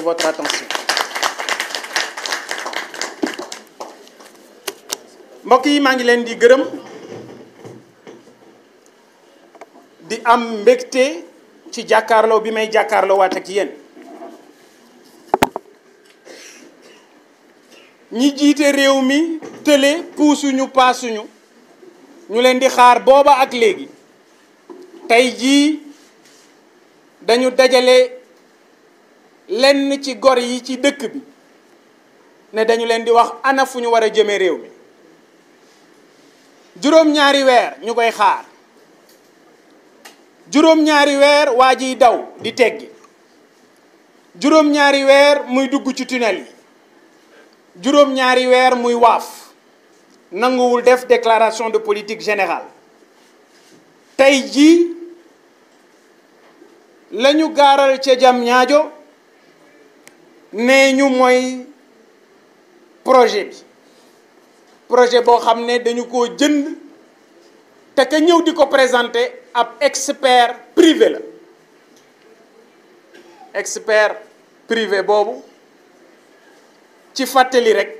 de mbokk yi maa ngi leen di gërëm di am mbégte ci jàkkaarloo bi may jàkkaarloo waat ak yéen ñi jiite réew mi tële puusuñu paasuñu ñu leen di xaar booba ak léegi tey jii dañu dajale lenn ci gor yi ci dëkk bi ne dañu leen di wax ana fu ñu war a jëme réew mi juróom-ñaari weer ñu koy xaar juróom-ñaari weer waa jiy daw di teggi juróom-ñaari weer muy dugg ci tunnel yi juróom-ñaari weer muy waaf nanguwul def déclaration de politique générale tey jii lañu gaaral ca jam ñaajo nee ñu mooy projet bi projet boo xam ne dañu ko jënd te ka ñëw di ko présenter ab expert privé la expert privé boobu ci fàttali rek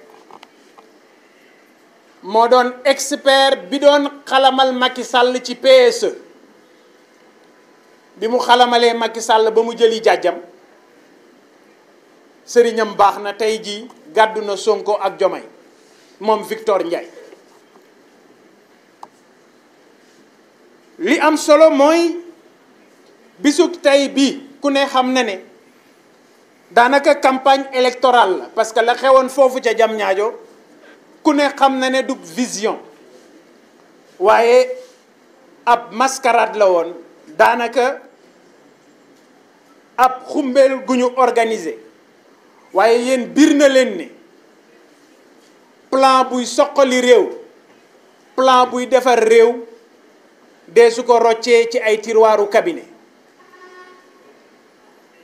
moo doon expert bi doon xalamal Macky Sall ci PSE bi mu xalamalee Macky Sall ba mu jëli jàjjam sëriñam baax na tey jii gàddu na Sonko ak Diomaye moom Victor Ndiaye li am solo mooy bisu tey bi ku ne xam na ne daanaka campagne électorale la parce que la xewoon foofu ca jam ñaajo ku ne xam na ne du vision waaye ab mascarade la woon daanaka ab xumbeel gu ñu organiser waaye yéen biir na leen ni plan buy soqali réew plan buy defar réew dee su ko roccee ci ay tiroiru cabinet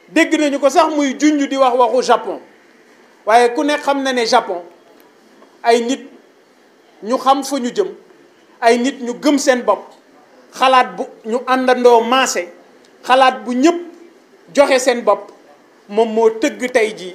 dégg nañu ko sax muy junj di wax waxu Japon waaye ku ne xam na ne Japon ay nit ñu xam fa ñu jëm ay nit ñu gëm seen bopp xalaat bu ñu àndandoo maase xalaat bu ñépp joxe seen bopp moom moo tëgg tey jii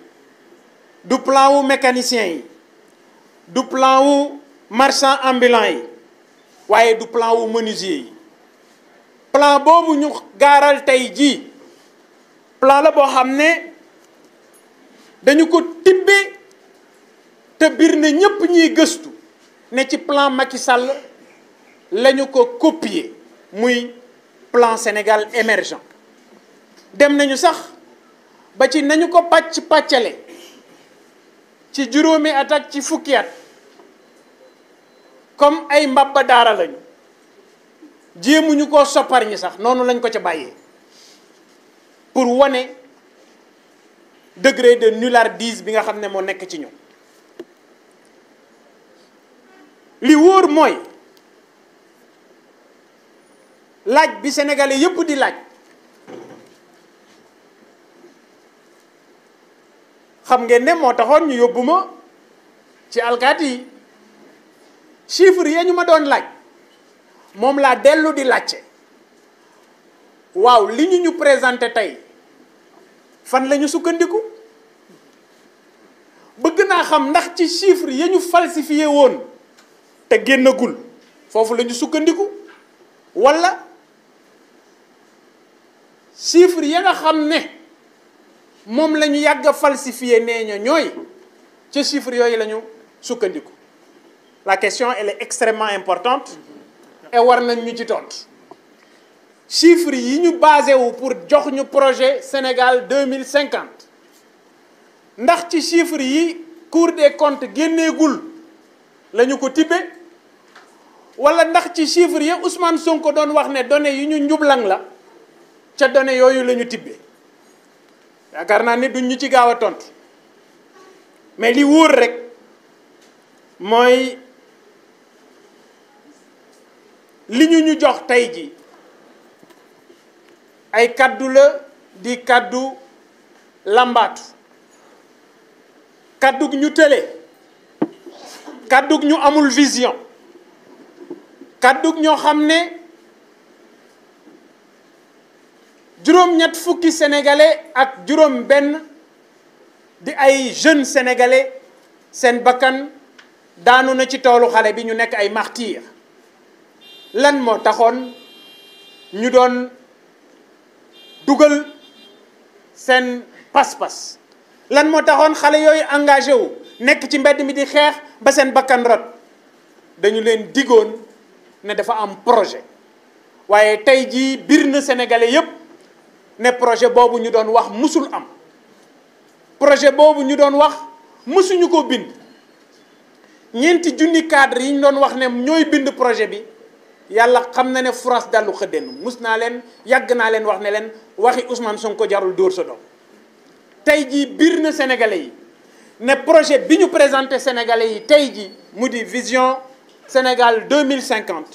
du plan mécanicien du plan ou marchand ambulant ou du plan ou menuisier le plan ñu garal plan dañu ko te ne ñi ci plan Macky Sall lañu ko copier muy plan Sénégal émergent dem nañu sax ba ci nañu ko patch ci juróomi at ci fukki at comme ay mbabba daara lañu jéemuñu ko soppar ñi sax noonu lañ ko ca bàyyee pour wane degré de nullardise bi nga xam ne moo nekk ci ñu li wóor mooy laaj bi sénégalais yépp di laaj xam ngeen ne moo taxoon ñu yóbbu ma ci alkaati yi chiffre ya ñu ma doon laaj moom laa dellu di laajte waaw li ñu ñu présenté tey fan lañu sukkandiku bëgg naa xam ndax ci chiffre ya ñu falsifié woon te génnagul foofu lañu sukkandiku walla chiffre ya nga xam ne mom lañu yagg falsifier a ñoy ci chiffre yoy la ñu sukkandiku la question elle est extrêmement importante et war nañ ñu ci tont chiffre yi ñu basé wu pour jox ñu projet Sénégal 2050 ndax ci chiffre yi Cour des comptes génneegul la ko tippe wala ndax ci chiffre yi Ousmane Sonko doon wax né données yi ñu njublang la ca données yooyu lañu ñu yaakaar naa ne duñ ñu ci gaaw a tontu mais li wóor rek mooy li ñu ñu jox tey ji ay kàddu la di kaddu làmbaatu kaddug ñu tële kaddug ñu amul vision kaddug ñoo xam ne juróom-ñett fukki sénégalais ak juróom-benn di ay jeunes sénégalais seen bakkan daanu na ci toolu xale bi ñu nekk ay martyrs lan moo taxoon ñu doon dugal seen pas-pas lan moo taxoon xale yooyu engagé wu nekk ci mbedd mi di xeex ba seen bakkan rot dañu leen digoon ne dafa am projet waaye tey jii biir na sénégalais yépp ne projet Bob ñu doon wax musul am projet bobu ñu doon wax musuñu ko bind ñenti junni cadre yi ñu doon wax ne ñoy bind projet bi Yalla xam na ne France dalu musna len Nous ne waxi Ousmane Sonko jarul sa do sénégalais projet bi nous sénégalais yi vision Sénégal 2050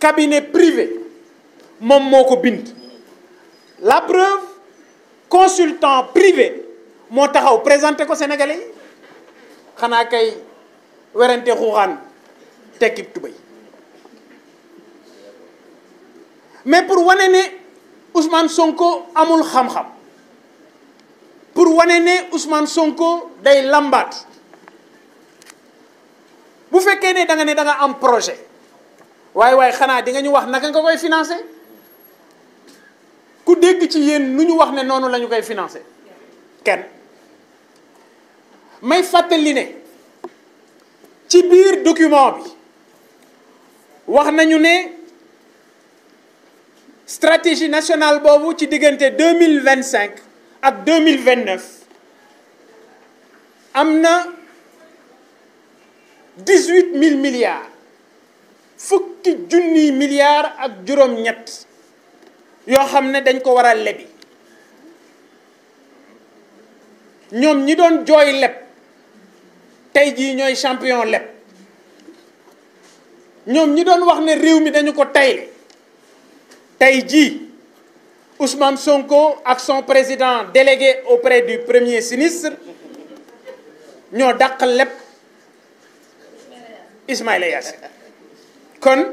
cabinet privé nous moko la preuve consultant privé présente présenté au Sénégalais yi kay werante mais pour wane ne Ousmane Sonko amul pour une ne Ousmane Sonko day faites un projet. Vous ne Vous un projet vous vous financer. Qu'est-ce qu'on peut dire de ce qu'on peut financer Qui Je vais vous dire ce qui document, on a parlé de stratégie nationale pour l'année 2025 à 2029. 18 000 milliards. Il faut que ce milliards à des nous xam ne dañ ko war a lebi nous ñi doon jooy leb tey jii champion leb ñoom ñi doon wax ne réew mi dañu ko Ousmane Sonko son président délégué auprès du premier sinistre ñoo dàq leb Ismaïla Yassine kon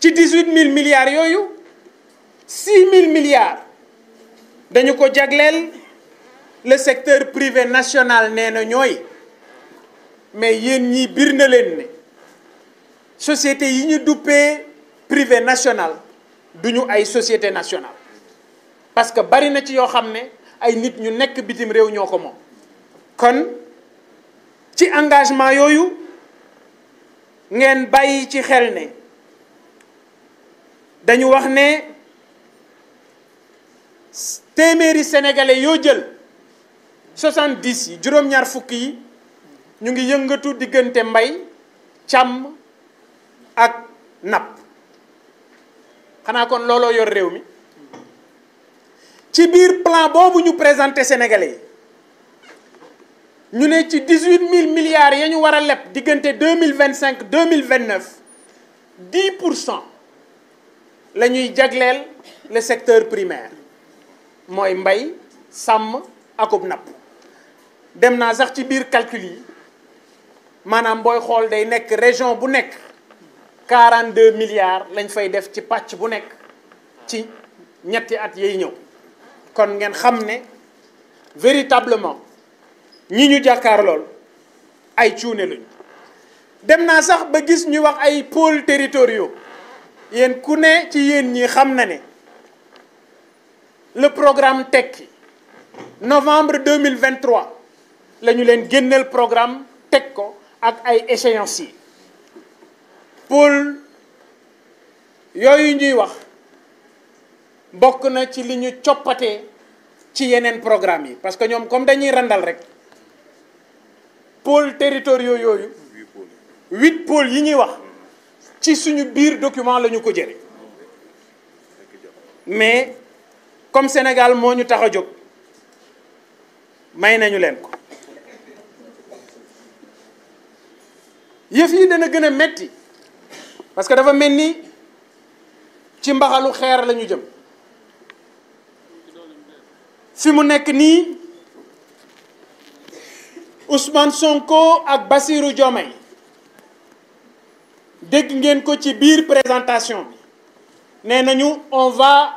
ci 18 milliards 6 000 milliards dañu ko que le secteur privé national n'est ñoy mais yeen ñi bir na société yi ñu privé national duñu ay société nationale parce que bari na ci yo xamné ay nit ñu nekk bitim réew ñoko kon engagement ngeen ci téeméeri sénégalais yoo jël soixante-dix yi juróom-ñaar fukk yi ñu ngi yëngatu diggante mbay càmm ak nap xanaa kon looloo yor réew mi ci biir plan boobu ñu présenté sénégalais yi ñu ne ci dix-huit mil milliards ya ñu war a leb diggante deux mille vingt-cinq deux mille vingt-neuf dix pour cent la ñuy jagleel le secteur primaire mooy mbay sàmm akub napp dem naa sax ci biir calcul yi maanaam booy xool day nekk région bu nekk 42 milliards lañ fay def ci pàcc bu nekk ci ñetti at yay ñëw kon ngeen xam ne véritablement ñi ñu jàkkaar lool ay cuune luñ dem naa sax ba gis ñu wax ay pôles territoriaux yéen ku ne ci yéen ñi xam na ne le programme TEC novembre 2023 nous avons programme TEC ko ak ay pour les gens ñuy wax programme parce que sommes comme dañuy randal rek pour territoriaux ont 8 pôles yi document le mais comme Sénégal moo ñu tax a jóg may nañu leen ko yi dana gëna metti parce que dafa melni ci mbaxalu xéer lañu jëm fi mu nekk Ousmane Sonko ak Bassirou Diomaye dégg ngeen ko ci biir présentation bi nee nañu on va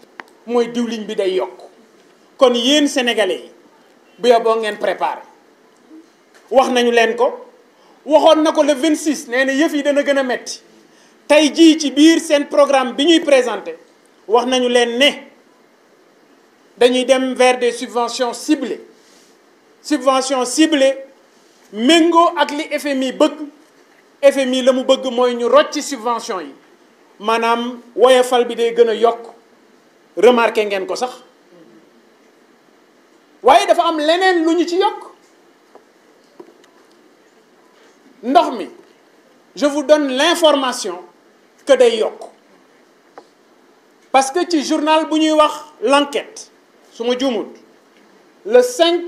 mooy diwliñ bi day yokk kon yéen sénégalais yi bu yoboo ngeen préparé wax nañu leen ko waxoon na ko le 26 nee na yëf yi dana gën a metti tey jii ci biir seen programme bi ñuy présenté wax nañu leen ne dañuy dem vers des subventions ciblées subventions ciblées méngoo ak li FMI bëgg FMI la mu bëgg mooy ñu rocci subvention yi maanaam woyofal bi day gën a yokk remarqué ngeen ko sax waaye dafa am leneen lu ñu ci yokk ndox mi je vous donne l'information que day yokk parce que ci journal bu ñuy wax l'enquête su ma juumut le 5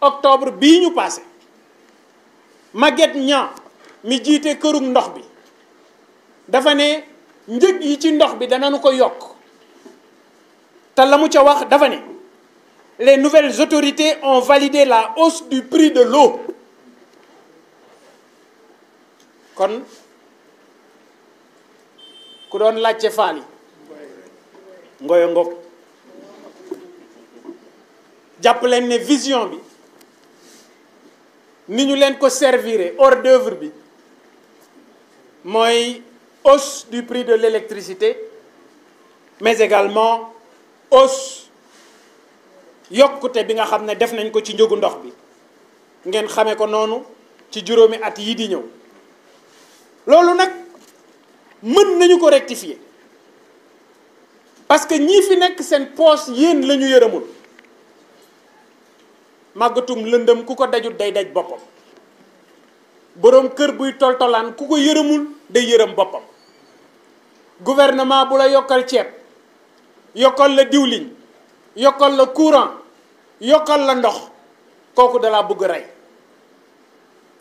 octobre bii ñu passé Maguette Niang mi jiite kërug ndox bi dafa ne njëg yi ci ndox bi danañu ko yokk te wax dafa ne les nouvelles autorités ont validé la hausse du prix de l'eau kon ku doon laccé fali yi ngoyo ngoog jàpp leen ne vision bi ni ñu leen ko servir hors d'œuvre bi moy hausse du prix de l'électricité mais également hausse yokkute bi nga xam ne def nañ ko ci njëgu ndox bi ngeen xamee ko noonu ci juróomi at yi di ñëw loolu nag mën nañu ko rectifier parce que ñii fi nekk seen poos yéen la ñu yërëmul màggatum lëndëm ku ko dajut day daj boppam boroom kër buy toltolaan ku ko yërëmul day yërëm boppam gouvernement bu la yokkal ceeb yokal la diwling yokal la courant yokal la ndox da la bëgg ray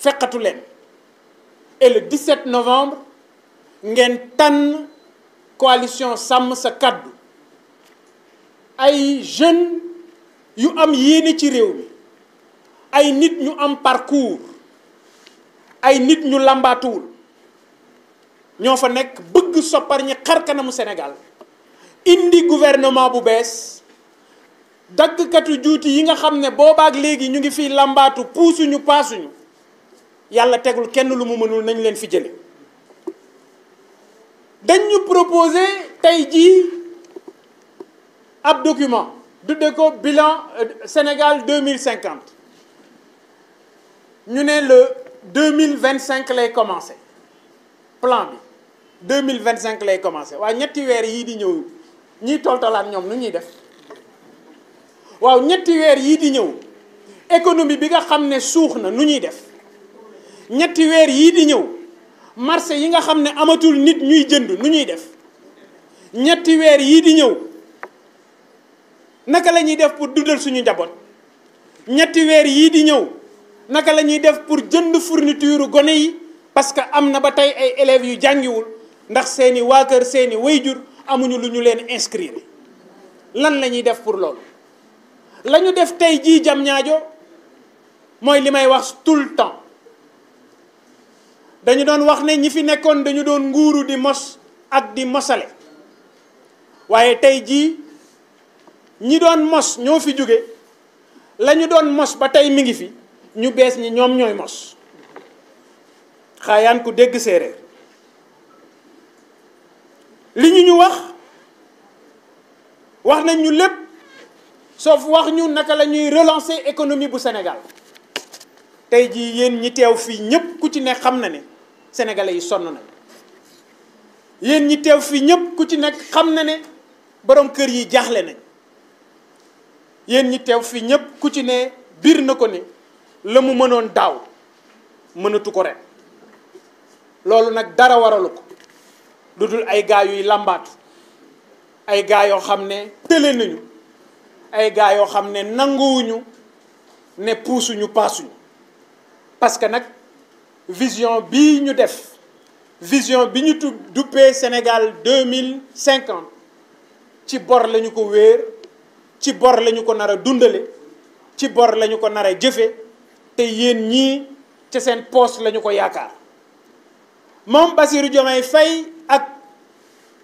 rey len et le 17 novembre ngén tan coalition sam sa kàddu ay jeunes yu am yéene ci réew mi ay nit ñu am parcours ay nit ñu làmbaatuwul ñoo fa nek bëgg soppar ñi xar kanamu Sénégal indi gouvernement bu bees daggkatu juuti yi nga qui ñu ngi yalla tegul kenn lu mu mënul nañ fi dañ ñu document bilan euh, Sénégal 2050 ñu né le 2025 lay commencé plan bi 2025 lay commencé Wa ñetti ñiy toltalaat ñoom nu ñuy def waaw ñetti weer yii di ñëw économie bi nga xam ne suux na nu ñuy def ñetti weer yii di ñëw marché yi nga xam ne amatul nit ñuy jënd nu ñuy def ñetti weer yii di ñëw naka la ñuy def pour dundal suñu njaboot ñetti weer yii di ñëw naka la ñuy def pour jënd fourniture gone yi parce que am na ba tey ay élèves yu jàngiwul ndax seeni waa kër seeni way wayjur amuñu lu ñu leen inscrire lan la ñuy def pour loolu lañu def tey jii jam ñaajo mooy li may wax tout le temps dañu doon wax ne ñi fi nekkoon dañu doon nguuru di mos ak di mosale waaye tey jii ñi doon mos ñoo fi jóge lañu doon mos ba tey mi ngi fi ñu bees ñi ñoom ñooy mos xaayaan ku dégg séeréer li ñu ñu wax wax nañ ñu lépp sauf wax ñu naka la relancer économie bu Sénégal tey jii yéen ñi teew fii ñëpp ku ci ne xam na sénégalais yi sonn nañ yéen ñi teew fii ñëpp ku ci nekk xam na borom kër yi jaaxle nañ yéen ñi teew fii ñëpp ku ci ne na ko ne mu dara lu dul ay gaa yuy làmbaatu ay gaa yoo xam ne tële nañu ay gaa yoo xam ne nanguwuñu ne puusuñu paasuñu parce que nag vision bi ñu def vision bi ñu duppee Sénégal deux mille cinquante ci bor lañu ko wéer ci bor lañu ko nar a dundale ci bor lañu ko nar jëfe te yéen ñii ca seen poste lañu ko yaakaar moom Bassirou Diomaye Faye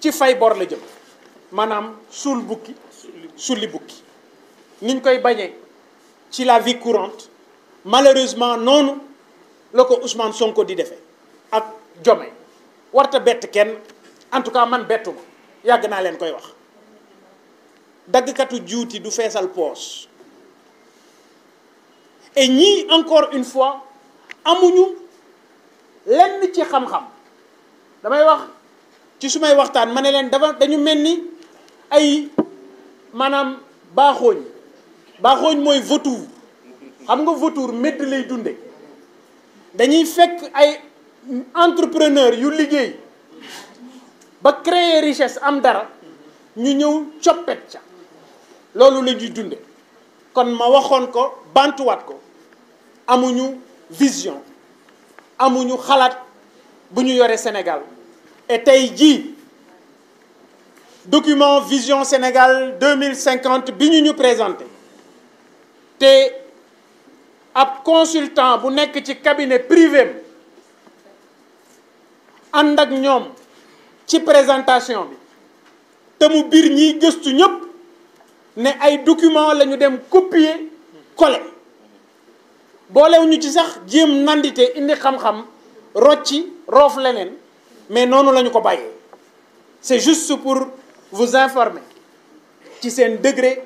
ci fay bor la jëm manam sul bukki sulli bukki niñ koy ci la vie courante malheureusement non loko Ousmane Sonko di défé ak warta bet kenn en tout cas man bettu koy wax du et ñi encore une fois amuñu lenn ci xam-xam damay ci su may waxtaan ma ne leen dafa dañu mel ni ay maanaam baaxooñ baaxooñ mooy vautour xam nga vautour medd lay dunde dañuy fekk ay entrepreneur yu liggéey ba créer richesse am dara ñu ñëw coppet ca loolu la ñuy dunde kon ma waxoon ko bantuwaat ko amuñu vision amuñu xalaat bu ñu yore Sénégal et document vision Sénégal 2050 Nous ñu présenté consultant bu nekk ci cabinet privé ànd présentation bi mu ne ay document dem copier coller ci nandite indi xam-xam rocci mais non, nous ne sommes pas là. c'est juste pour vous informer c'est un degré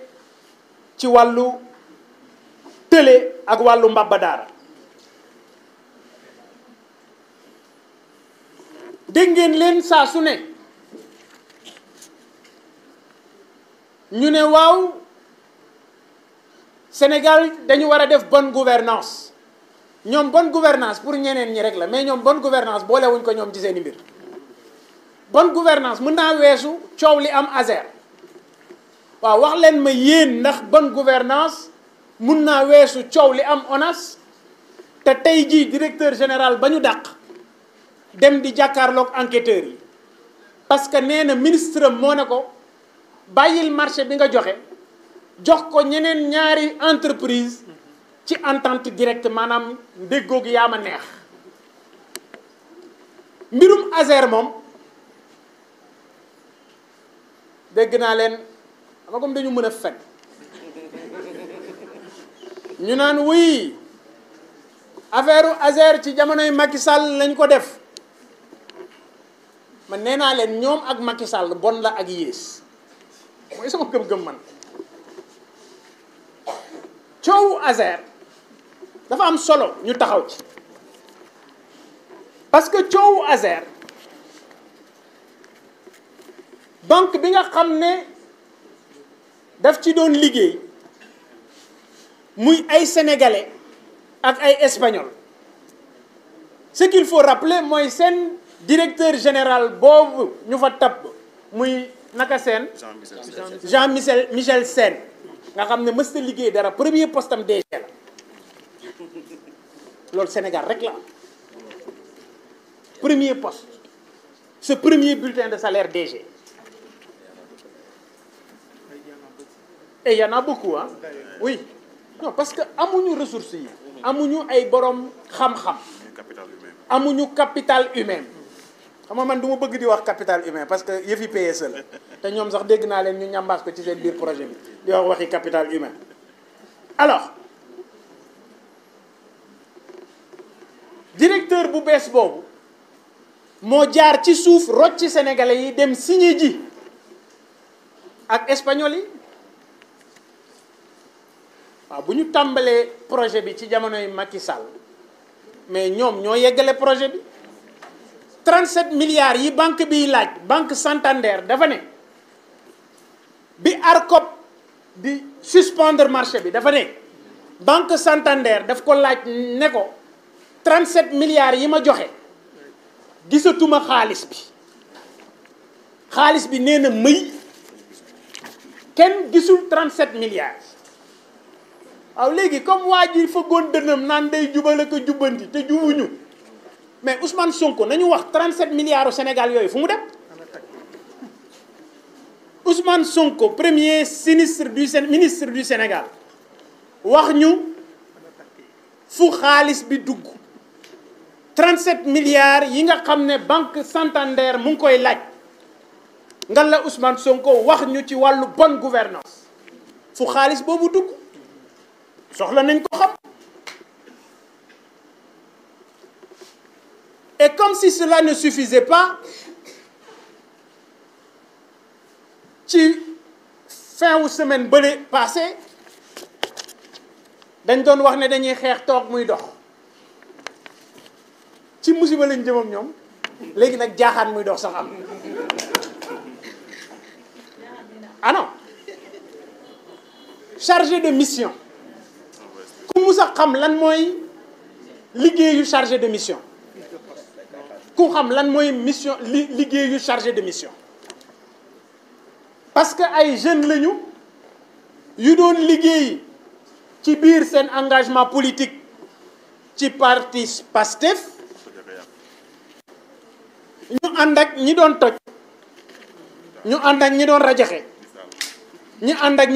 ci nous télé ak wàllu mbabba Vous dégg ngeen Nous saa su ne ñu là Sénégal dañu war a bonne gouvernance Une bonne gouvernance pour nous, ñi rek la mais une bonne gouvernance pour ko nous ci seen bonne gouvernance mën naa weesu coow li am ASER waaw wax leen ma yéen ndax bonne gouvernance mun naa weesu coow li am ONAS te tey jii directeur général ba ñu dàq dem di jàkkaarloog enquêteurs yi parce que nee na ministre am moo ne ko bàyyil marché bi nga joxe jox ko ñeneen ñaari entreprise ci entente directe maanaam déggoo gi yaa ma neex mbirum ASER moom dégg naa leen ama comme dañu mën a fen ñu naan wuy affaire Azer ci jamonoy Macky Sall lañ ko def man nee naa leen ñoom ak Macky bon la ak yées mooy sama gëm-gëm man coowu Azer dafa am solo ñu taxaw ci parce que coowu Azer banque bi nga xamné daf ci doon sénégalais ak ay Espagnols. ce qu'il faut rappeler que le directeur général Bob ñu fa naka Jean Michel Michel sen nga xamné ne mësta liggéey dara premier poste am DG la Sénégal rek la premier poste ce premier bulletin de salaire DG et y en a beaucoup hein. oui non parce que amuñu ressources des ressources. ay borom xam capital humain xam man capital humain parce que yefi PSE la te ñom sax dégg na leen ñu projet bi di capital humain alors directeur bu bess bobu jaar sénégalais dem signé ji espagnol si nous avons le projet bi ci Macky mais avons avons le projet 37 milliards banque banque Santander dafa bi ARCOP di suspendre marché bi banque Santander daf ko 37 milliards yi ma joxe gisatuma bi Khalis bi 37 milliards comme waa il faut que day jubale ko mais Ousmane Sonko nous wax 37 milliards au Sénégal Ousmane Sonko premier ministre du Sénégal nous avons fu 37 milliards yi nga banque Santander mu laaj nga Ousmane Sonko wax ci bonne gouvernance soxla nañ ko xam et comme si cela ne suffisait pas ci fin wu semaine bële passé dañ doon wax ne dañuy xeex toog muy dox ci musiba lañ jëmam ñoom léegi nag jaaxaan muy dox sax am ah non chargé de mission mus xam lan chargé de mission ku xam mission chargé de mission parce que ay jeunes lañu yu doon engagement politique ci parti PASTEF ñu ñi doon ñu ñi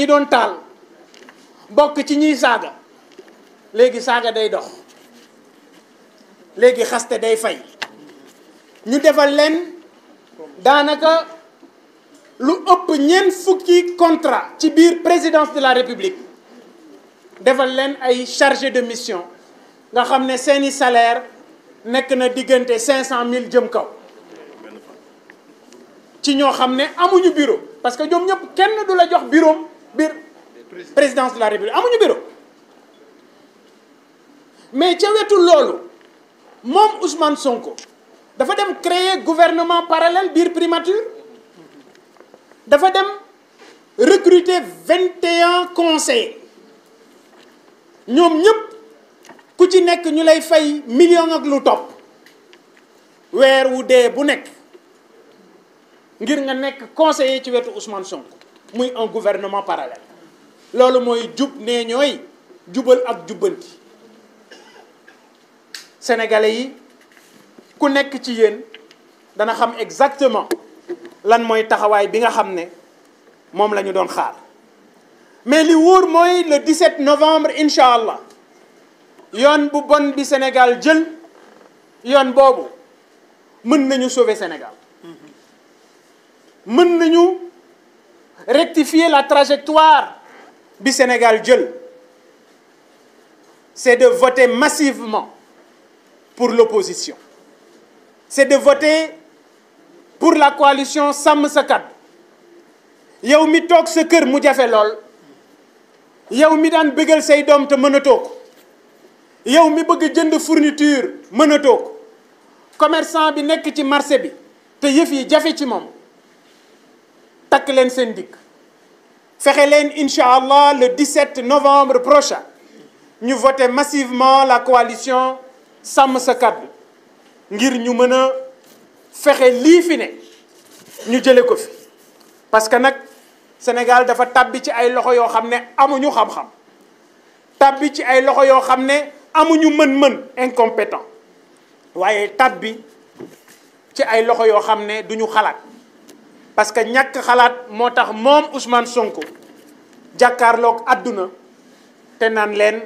doon ñi léegi saga day dox légui xaste day fay ñu defal len danaka lu upp ñen fukki contrat ci biir présidence de la république defal len ay chargé de mission nga xamné ne salaire nek na diggante 500000 cent jëm kaw ci ño xamné amuñu bureau parce que ñom ñep kenn du la jox bureau bir présidence de la république amuñu bureau mais ca wetu loolu moom Ousmane Sonko dafa dem créer gouvernement parallèle bir primature dafa dem recruter 21 conseils, ñom ñep ku ci nek ñu lay fay million ak lu top weer wu dee bu nek ngir nga nek conseiller ci wetu Ousmane Sonko muy un gouvernement parallèle lolu moy djub né ñoy djubal ak djubanti sénégalais yi ku nekk ci dana exactement lan moy taxaway bi nga xamne mom lañu la doon xaar mais li c'est moy le 17 novembre inshallah allah bu bon bi Sénégal jël yoon bobu mën nañu sauver Sénégal mën nañu rectifier la trajectoire bi Sénégal c'est de voter massivement pour l'opposition. C'est de voter pour la coalition Sàmm Sa Kàddu yow mi toog sa kër mu jafé lol. yow mi daan bëggal say dom te mënatoo ko yow mi bëgg jënd fourniture mënatoo ko commerçant bi nek ci marché bi te yëf yi jafé ci mom. Tak leen sen dik. Fexé leen inshallah le 17 novembre prochain ñu voter massivement la coalition sàmm sa kàddu ngir ñu mën a fexe lii fi ne ñu jële ko fi parce que nag Sénégal dafa tàbbi ci ay loxo yoo xam ne amuñu xam-xam tàbbi ci ay loxo yoo xam ne amuñu mën-mën incompétent waaye tàbbi ci ay loxo yoo xam ne duñu xalaat parce que ñàkk xalaat moo tax moom Ousmane Sonko jàkkaarlook àdduna te naan leen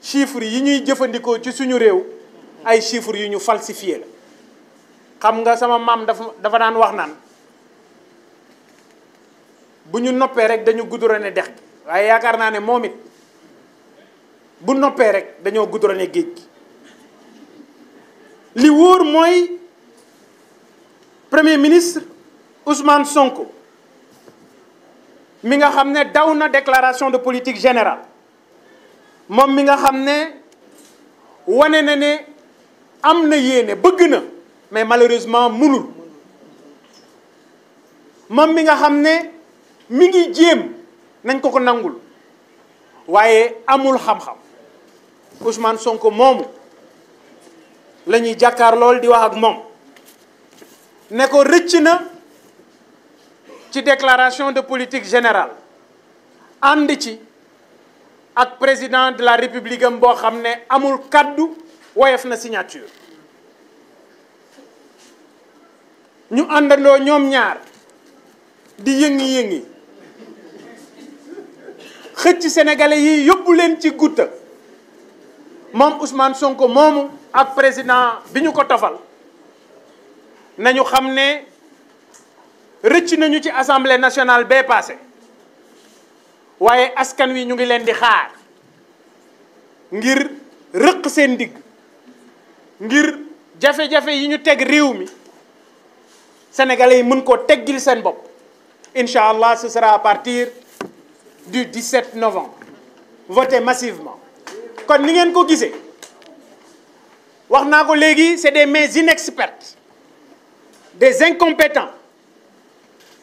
chiffres yi ñuy jëfandikoo ci suñu réew ay chiffres yu ñu falsifié la xam nga sama maam dafa dafa daan wax naan bu ñu noppee rek dañu goudronné dex waaye yaakaar naa ne moom it bu noppee rek dañoo goudronné géej gi li wóor mooy premier ministre Ousmane Sonko mi nga xam ne daw na déclaration de politique général moom mi nga xam ne wane na ne am na yéene bëgg na mais malheureusement mënul moom mi nga xam ne mi ngi jéem nañ ko ko nangul waaye amul xam-xam Ousmane Sonko moomu la ñuy jàkkaar lool di wax moom ne ko rëcc na ci déclaration de politique général ànd ci ak président de la république am boo xam ne amul kaddu woyof na signature ñu àndandoo ñoom ñaar di yëngi-yëngi xëcc sénégalais yi yóbbu leen ci gutta moom Ousmane Sonko moomu ak président bi ñu ko tofal nañu xam ne rëcc nañu ci assemblée nationale bee passé waye askan wi ñu ngi leen di xaar ngir rëq seen digg ngir jafe-jafe yi ñu teg réew mi sénégalais yi mën koo teggil seen bopp incha allah ce sera à partir du 17 novembre votez massivement kon ni ngeen ko gisee wax naa ko léegi c'est des mains inexpertes des incompétents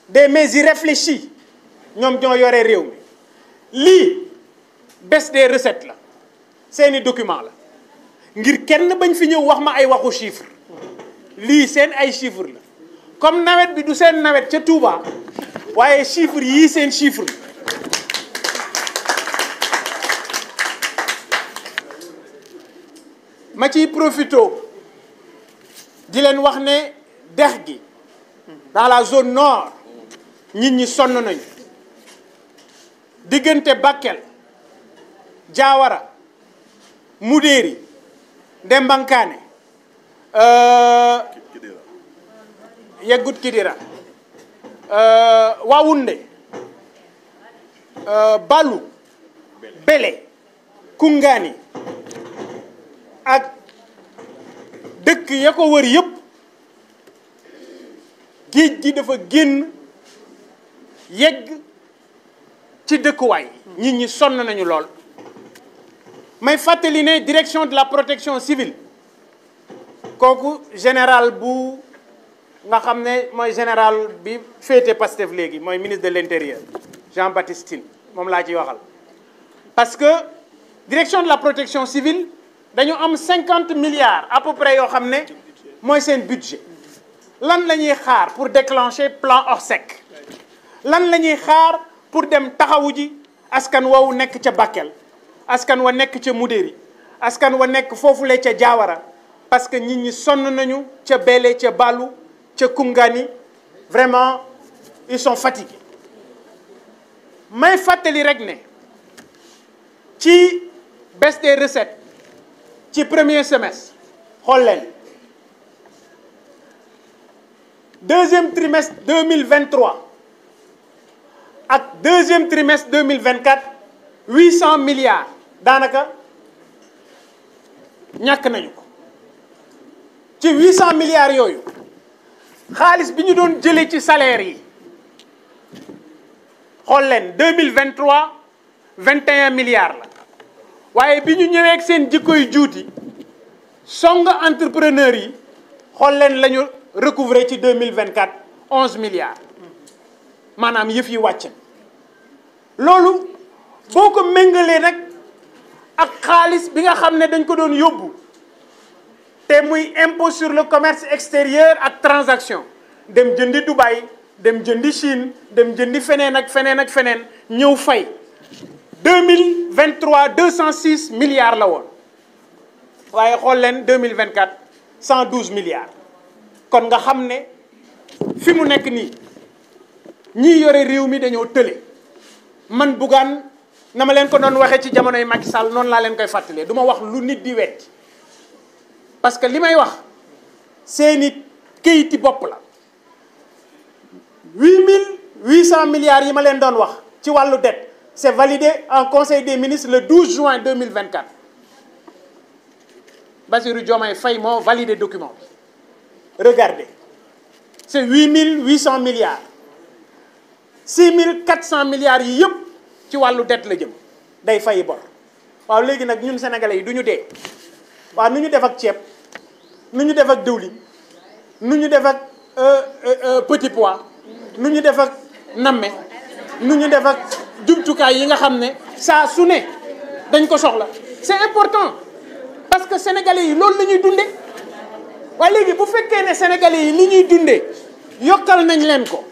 des mains irréfléchis ñoom ñoo yore réew mi Li baisse des recettes la un document la ngir kenn bañ fi ñew wax ma ay waxu chiffre li seen ay chiffre la comme nawet bi du seen nawet ca Touba waye chiffre yi seen chiffre ma ci profito di len wax ne dex gi dans la zone nord nit ñi sonn nañu diggante Bakel Diawara Mudéeri Dembankaane euh, yeggut Kidira euh, Waoundé euh, Balu Bélé Koungani ak dëkk ya ko wër yëpp géej gi dafa génn yegg ci dekuway nit ñi son nañu lool may fàttali ne direction de la protection civile Le général bu nga xamné moy général bi fété Pastef légui moy ministre de l'intérieur Jean-Baptiste Tine la ci waxal parce que direction de la protection civile dañu am 50 milliards à peu près yo xamné un budget lan lañuy xaar pour déclencher plan Orsec lan lañuy xaar pour dem taxawuji ji askan woowu nek ca Bakel askan wa nek ca Mudéri askan wa nekk parce que nit ñi sonn nañu ca belé ca Balu ca vraiment ils sont fatigués may fateli rek ne ci baisse recettes ci premier semestre xol deuxième trimestre 2023. Au deuxième trimestre 2024 800 milliards danaka ñak nañu ko ci 800 milliards yoyu xaliss bi doon ci 2023 21 milliards la waye bi ñu ñëwé ak seen jikko yu entrepreneur 2024 11 milliards manam loolu boko mengale nak ak khalis bi nga xamne dañ ko doon yobbu té muy impôt sur le commerce extérieur ak transaction dem jëndi Dubaï dem jëndi Chine dem jëndi feneen ak feneen ak feneen ñew fay 2023 206 milliards la won waye xol leen 2024 112 milliards kon nga xamne fimu nek ni ñi yoré ñii réew mi dañoo teulé man Bougane nama len ko don waxe ci jamonoy Macky Sall non la len koy fàttalee du wax lu nit di wetti parce que limay que wax seeni këyiti bop la 8800 milliards yi ma leen doon wax ci walu c'est validé en conseil des ministres le 12 juin 2024 Basirou Diomaye Faye moo validé document regardez c'est 8 800 milliards 6400 milliards yi yëpp ci walu dette la jëm day fay bor waaw léegi nak ñun sénégalais yi duñu dé dee waaw nu ñu def ak ciép nu ñu def ak diwlin nu ñu def ak euh euh, euh petit pois nu ñu def ak namé nu ñu def ak jumtukaay yi nga xam ne saa su ne dañ ko soxla c'est important parce que sénégalais yi loolu la ñuy dunde waaye léegi bu fekkee ne sénégalais yi li ñuy dunde yokkal nañ leen ko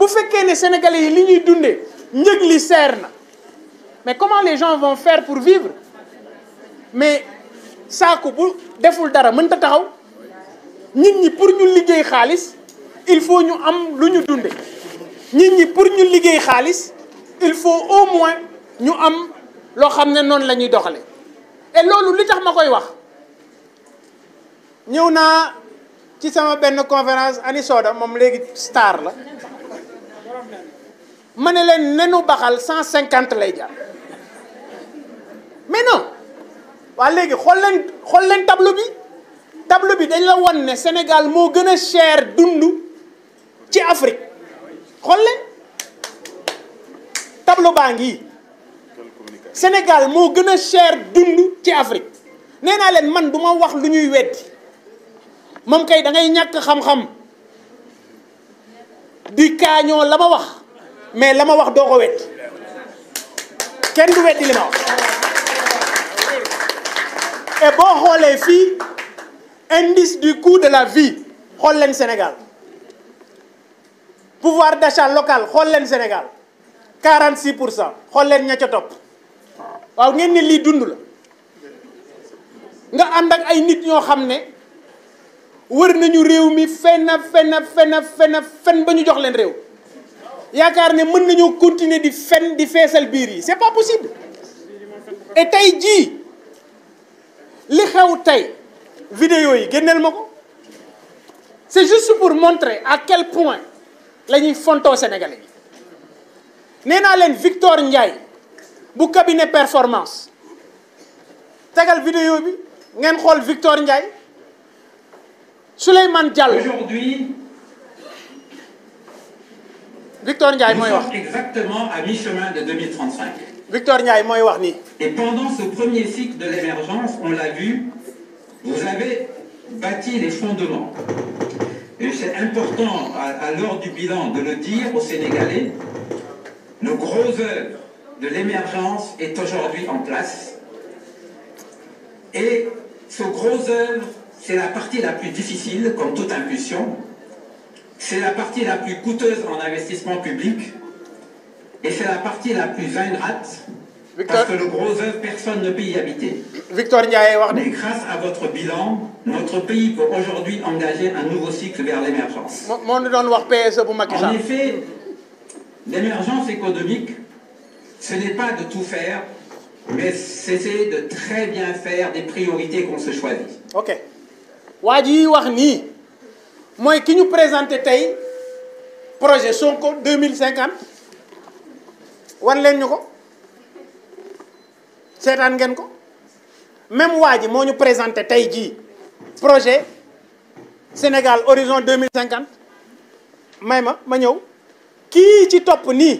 bu fekkee ne sénégalais yi li ñuy dundee njëg li mais comment les gens vont faire pour vivre mais ça, bu deful dara mënta taxaw nit ñi pour ñu liggéey xaalis il faut ñu am lu ñu dunde nit ñi pour ñu liggéey xaalis il faut au moins ñu am loo ramener non noonu la ñuy et là, li tax ma koy wax ñëw naa ci sama benn conférence ani Soda moom léegi star la ma ne leen nenu baxal cent cinquante lay jar mais non waa léegi xool leen xool leen tableau bi tableau bi dañ la wan ne Sénégal moo gën a cher dund ci Afrique xool leen tableau baa ngi Sénégal moo gën a cher dund ci Afrique nee naa leen man du ma wax lu ñuy weddi moom kay dangay ñàkk xam-xam di kaañoo la ma wax mais la wax doo ko wet kenn du wetti li e bo et fi indice du coût de la vie xool len Sénégal pouvoir d'achat local xool len Sénégal 46 pour len xool leen ca topp waaw ngeen ni li dund la nga and ak ay nit ñoo xam wër nañu réew mi fenn fenn fenn fenn fenn ba ñu jox leen réew yaakaar ne mën nañoo continuer di fen di fessel biir yi c'est pas possible et tay jii li xew tay vidéo yi gennel mako c'est juste pour montrer à quel point lañuy fonto Sénégalais yi nee len Victor Ndiaye bu cabinet performance la vidéo bi ngeen xol Victor Ndiaye Souleymane Diallo aujourd'hui Victor Ndiaye wax exactement à mi-chemin de 2035. Victor et pendant ce premier cycle de l'émergence on l'a vu vous avez bâti les fondements et c'est important à, à l'heure du bilan de le dire aux Sénégalais le gros œuvre de l'émergence est aujourd'hui en place et ce gros œuvre c'est la partie la plus difficile comme toute impulsion c'est la partie la plus coûteuse en investissement public et c'est la partie la plus ingrate parce que le gros œuvre, personne ne peut y habiter. Et grâce à votre bilan, notre pays peut aujourd'hui engager un nouveau cycle vers l'émergence. E en effet, l'émergence économique, ce n'est pas de tout faire, mais c'est de très bien faire des priorités qu'on se choisit. Ok. Wadi Warni qui nous présente présente tay projet Sonko 2050 Vous même waji nous ñu présenté projet Sénégal horizon 2050 qui ma ñew ki ci top Vous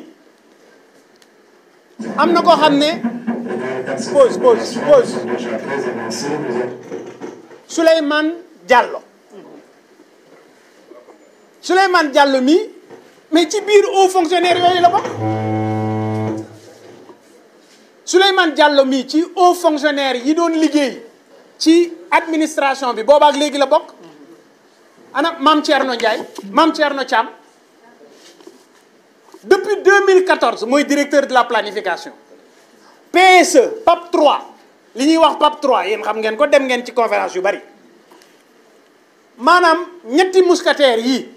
amna ko xamné Souleymane Diallo Souleymane Diallo mi mais ci biir haut fonctionnaire yoy la bok Souleymane Diallo mi ci haut fonctionnaire yi doon liggéey ci administration bi boobaak léegi la bok ana mam Thierno Ndiaye mam Thierno cham depuis 2014 moy directeur de la planification PSE PAP 3 li ñuy wax PAP 3 yéen xam ngeen ko dem ngeen ci conférence yu bari manam ñetti mousquetaires yi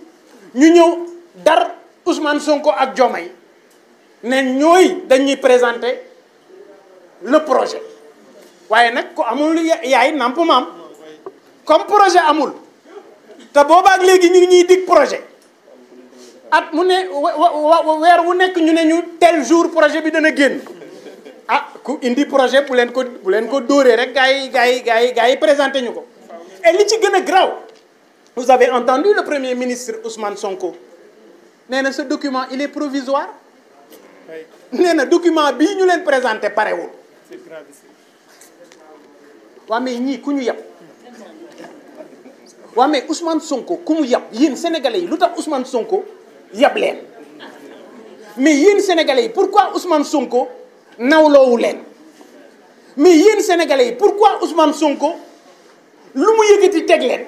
ñu ñëw dara dar Ousmane ko ak Diomaye ne ñooy dañuy présenter le projet waaye nag ku amul yaay namp maam comme projet amul te boobaak léegi ñu ngi ñuy dig projet at mu ne weer wu nekk ñu ne ñu tel jour projet bi dana génn ah ku indi projet bu leen ko bu leen ko dóoree rek gars yi gars yi gars yi gars yi présenté ñu ko et li ci gën a graw Vous avez entendu le Premier ministre Ousmane Sonko ce document il est provisoire Le na document bi, ñu leen présenté pareil. waa mais ñii ku ñu yab waa mais Ousmane Sonko ku mu yab sénégalais yi Ousmane Sonko yab leen mais yéen sénégalais pourquoi Ousmane Sonko nawloowu leen mais yéen sénégalais pourquoi Ousmane Sonko lu mu teg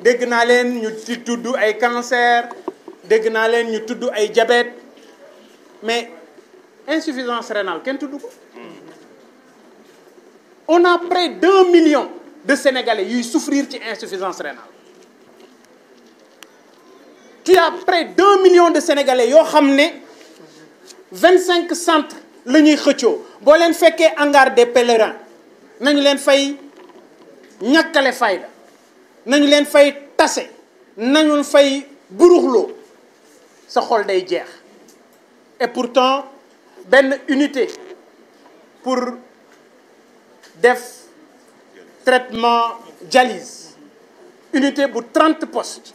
Des gnalènes, des tout cancer, des cancers, des tout le diabète. Mais, insuffisance rénale, qu'est-ce que tu On a près de 2 millions de Sénégalais qui souffrent d'insuffisance insuffisance rénale. Tu as près de 2 millions de Sénégalais qui ont 25 centres, les gens qui ont été ils ont garde des pèlerins. Ils ont été faits, ils nous nañu leen fay nous nañu fay ce sa xol day jeex et pourtant une unité pour le traitement dialyse unité pour 30 postes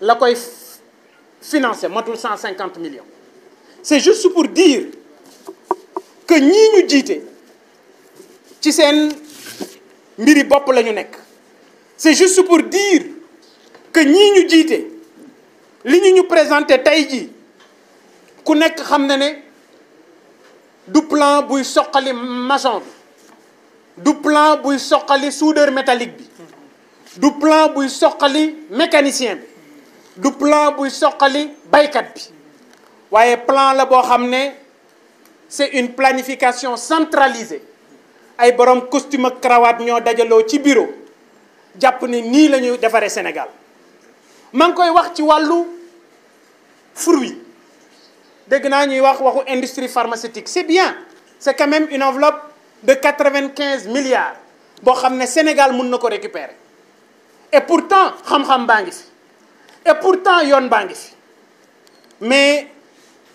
la koy financée 150 millions c'est juste pour dire que nous, ñu jiite ci seen mbiri bop la nek c'est juste pour dire que nous ñu dit, li ñu ñu présenté Taïdi, nous ku nekk xam du plan pour soqali maçon bi du plan pour sortir soudeur métallique bi du plan pour sortir mécanicien du plan pour soqali baykat bi le plan la bas c'est une planification centralisée ay borom costume ak cravate ñoo dajaloo ci bureau jàpp ni nii la ñuy Sénégal mang koy wax ci Walu fruit dégg naa ñuy wax waxu industrie pharmaceutique c'est bien c'est quand même une enveloppe de 95 milliards bo xamné Sénégal mën nako récupérer et pourtant xam-xam baa fi et pourtant yon baa fi mais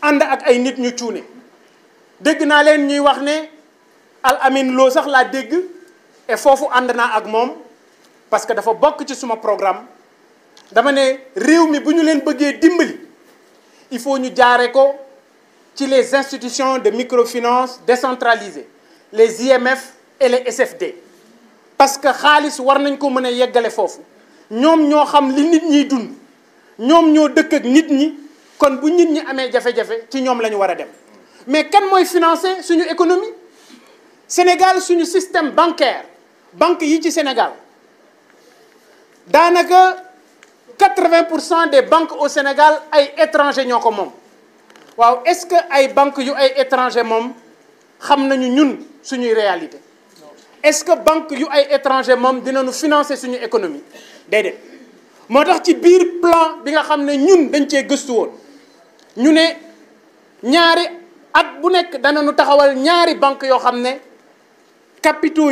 and ak ay nit ñu ciuné dégg naa leen ñuy wax né Al Amin Lo sax la dégg et fofu and na ak mom parce que dafa bokk ci suma programme dama né réew mi buñu ñu leen bëggee dimbali il faut ñu jaare ko ci les institutions de microfinance décentralisées les IMF et les SFD parce que xaalis war nañ ko mëna a fofu ñom ño xam li nit ñi dund ñom ño dëkk ak nit ñi kon bu nit ñi amé jafé jafé ci ñom lañu wara dem mais kan moy financer suñu économie Sénégal suñu système bancaire banque yi ci Sénégal dans 80% des banques au Sénégal sont étranger est-ce que les banques étrangères ay étranger réalité est-ce que les banques étrangères étranger nous financer suñu économie plan capitaux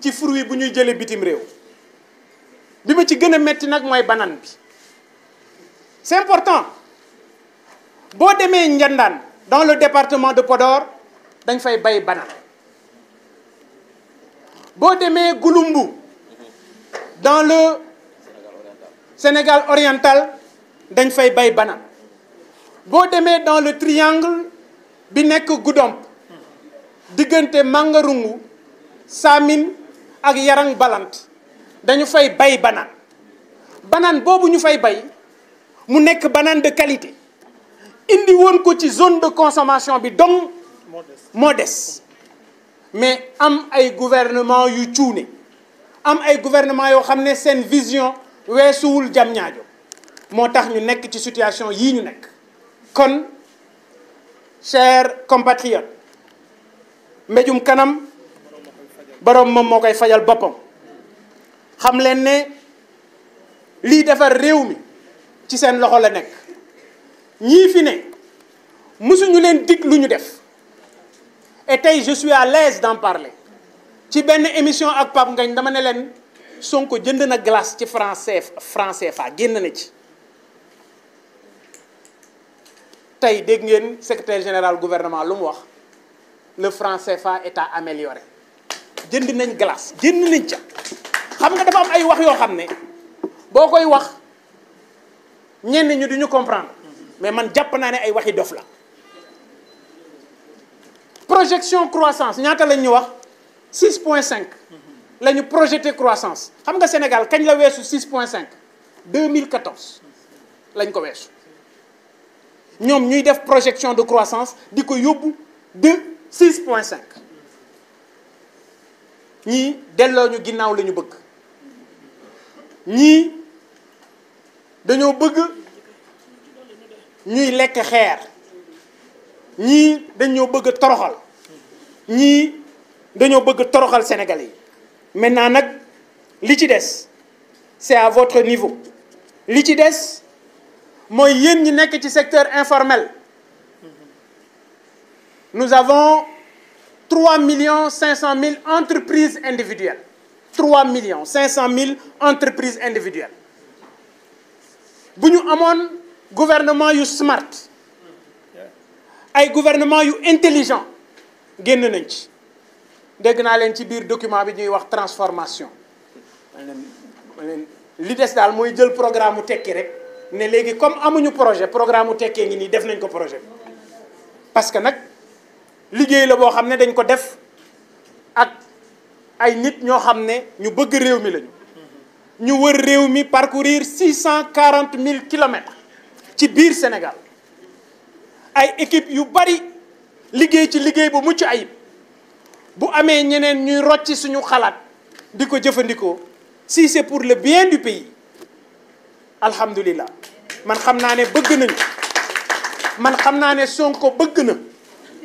ci fruit bu ñuy jëlee bitim réew bi ma ci gëna metti nak moy banane bi c'est important bo démé Ndiandane dans le département de Podor dañ fay bay banaan bo démé Gouloumbou dans le Sénégal oriental dañ fay bay banaan bo démé dans le triangle bi nek Goudomp digënté Mangarungu Samin ak yarang balant dañu fay bay banane banane bobu ñu fay bay mu nekk banane de qualité indi won ko ci zone de consommation bi donc modeste. mais am ay gouvernement yu ciuné am ay gouvernement yo xamné sen vision weesuwul jam ñaajo moo ñu nekk ci situation yi ñu nekk kon chers compatriotes mbéjum kanam Barom mom moo koy fajal boppam xam leen ne lii defar réew mi ci seen loxo la nekk ñii fi ne mësuñu leen dig lu ñu def et tey je suis à l'aise d'en parler ci benn émission ak pap Ngagne dama ne leen Sonko jënd na glace ci français français fa génn na ci tey dégg ngeen secrétaire général gouvernement lu mu wax le franc CFA est à améliorer jënd nañ glace jënd nañ ca xam nga dafa am ay wax yoo xam ne boo koy wax ñenn ñu duñu comprendre mais man jàpp naa ne ay waxi dof la projection croissance ñaata lañ ñu wax 6 point 5 la ñu projeté croissance xam nga Sénégal kañ la weesu 6 point 5 2014 lañ ko weesu ñoom ñuy def projection de croissance di ko yóbbu de 6 point 5 ni de ñu ginnaaw la bëgg ni dañoo bëgg ñuy lekk xeer ni dañoo bëgg toroxal ni dañoo bëgg toroxal Sénégalais maintenant nak li ci dess c'est à votre niveau li ci dess moy yeen ñi nekk ci secteur informel nous avons 3 500 000 entreprises individuelles. 3 500 000 entreprises individuelles. Si nous avons un gouvernement yu smart un gouvernement intelligent Nous avons un document bi transformation L'idée des que programme de Nous avons un comme amuñu projet programme de ngi ko projet parce que liguey la bo xam dañ ko def ak ay nit ño xam ñu bëgg réew mi lañu ñu wër réew mi parcourir six cent quarante ci biir Sénégal ay équipe yu bari liguey ci liguey bu mucc ayib bu amé ñeneen ñuy rocci suñu xalaat diko jëfëndiko si c'est pour le bien du pays alhamdoulillah man xamna né bëgg nañ man xamna né Sonko bëgg na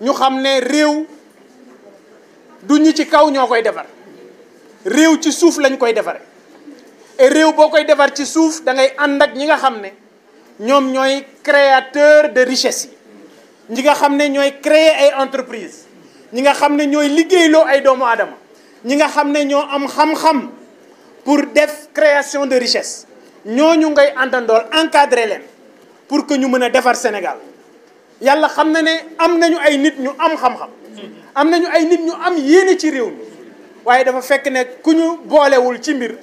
ñu xam ne réew du ñi ci kaw ñoo koy defar réew ci suuf lañ koy defare réew boo koy defar ci suuf da ngay ànd ak ñi nga xam ne ñoom ñooy créateur de richesse yi ñi nga xam ne ñooy créer ay entreprise ñi nga xam ne ñooy liggéeyloo ay doomu aadama ñi nga xam ne ñoo am xam-xam pour def création de richesse ñooñu ngay àndandool encadrer leen pour que ñu mën a defar Sénégal yàlla xam na ne am nañu ay nit ñu am xam-xam am nañu ay nit ñu am yéene ci réew mi waaye dafa fekk ne ku ñu boolewul ci mbir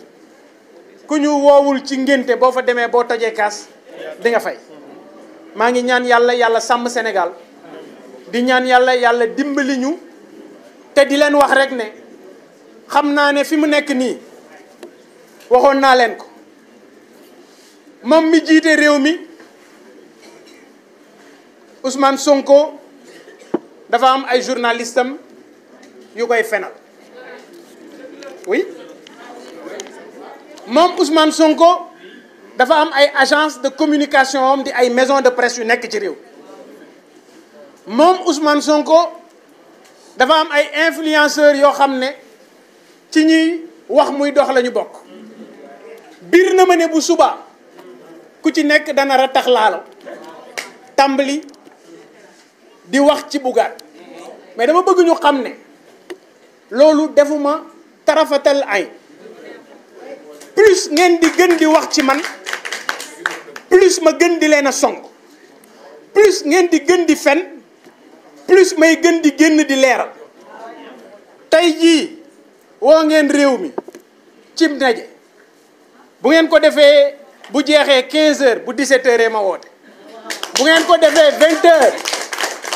ku ñu woowul ci ngénte boo fa demee boo tojee kaas di nga fay maa ngi ñaan yàlla yàlla sàmm senegal di ñaan yàlla yàlla dimbali ñu te di leen wax rek ne xam naa ne fi mu nekk nii waxoon naa leen ko moom mi jiite réew mi Ousmane Sonko dafa am ay journaliste am koy fenal oui moom Sonko dafa am ay agence de communication di ay maison de presse yu nekk ci réew moom Ousmane Sonko dafa am ay influenceurs yoo xam ne ci ñuy wax muy dox lañu bokk biir na ma ne bu subaa ku ci nekk dana ratax laalo tàmbali di wax ci Bougane mais dama bëgg ñu xam ne loolu defuma tarafatal ay plus ngeen di gën di wax ci man plus ma gën di leen a song plus ngeen di gën di fen plus may gën di génn di leeral tey jii woo ngeen réew mi cim ndaje bu ngeen ko defee bu jeexee 15 heures bu 17 heures ma woote bu ngeen ko defee 20 heures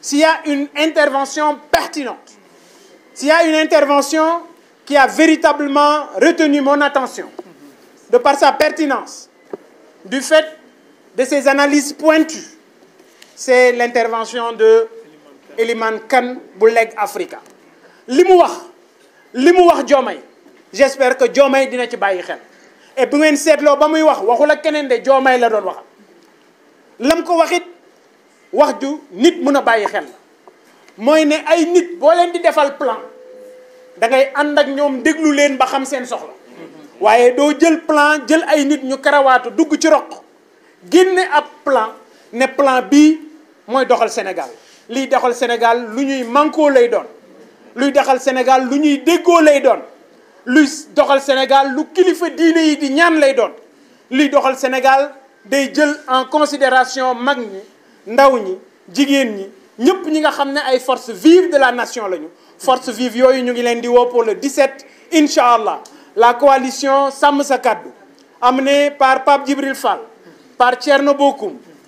s'il y a une intervention pertinente, s'il y a une intervention qui a véritablement retenu mon attention, de par sa pertinence, du fait de ses analyses pointues, c'est l'intervention de Eliman Khan Bouleg Africa. Limouah, Limouah Djomay, j'espère que Djomay dina ci baye xel. Et bu ngeen setlo que wax bien kenen de Djomay la doon wax. Lam ko wax ju nit muna baye xel moy ne ay nit bo len di defal plan da ngay ànd ak ñoom déglu leen ba xam seen soxla do jël plan jël ay nit ñu karawaatu dugg ci roq génne ab plan ne plan bi moy doxal Sénégal senegal, doxal Sénégal lu ñuy manko lay doon lu doxal Sénégal lu ñuy déggoo lay doon lu doxal Sénégal lu kilifa diiné yi di ñaan lay doon li doxal Sénégal day jël en considération mag nous ñi les ñi ñi nga forces vives de la nation lañu forces vives yoyu ñu ngi pour le 17 inshallah la coalition Sam sa amenée par Pape Djibril Fall par Tierno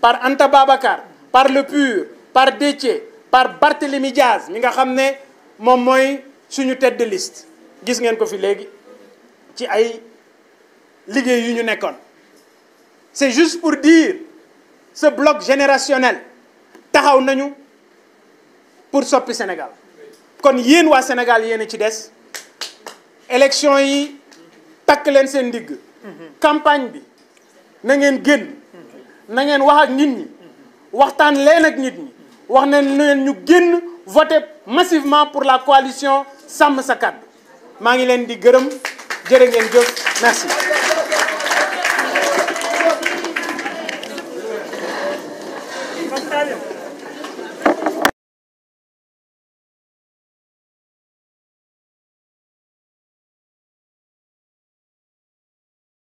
par Anta Babacar par Le Pur par Détier... par Barthélémy Diaz Nous nga xamné mom moy suñu tête de liste gis ngeen ko fi légui ci ay liguey yu ñu c'est juste pour dire ce bloc générationnel taxaw nañu pour sortir Sénégal kon yéen waa Sénégal yéen a ci des élection yi takk leen campagne bi na wax voter massivement pour la coalition Sam sa Je vous ngi merci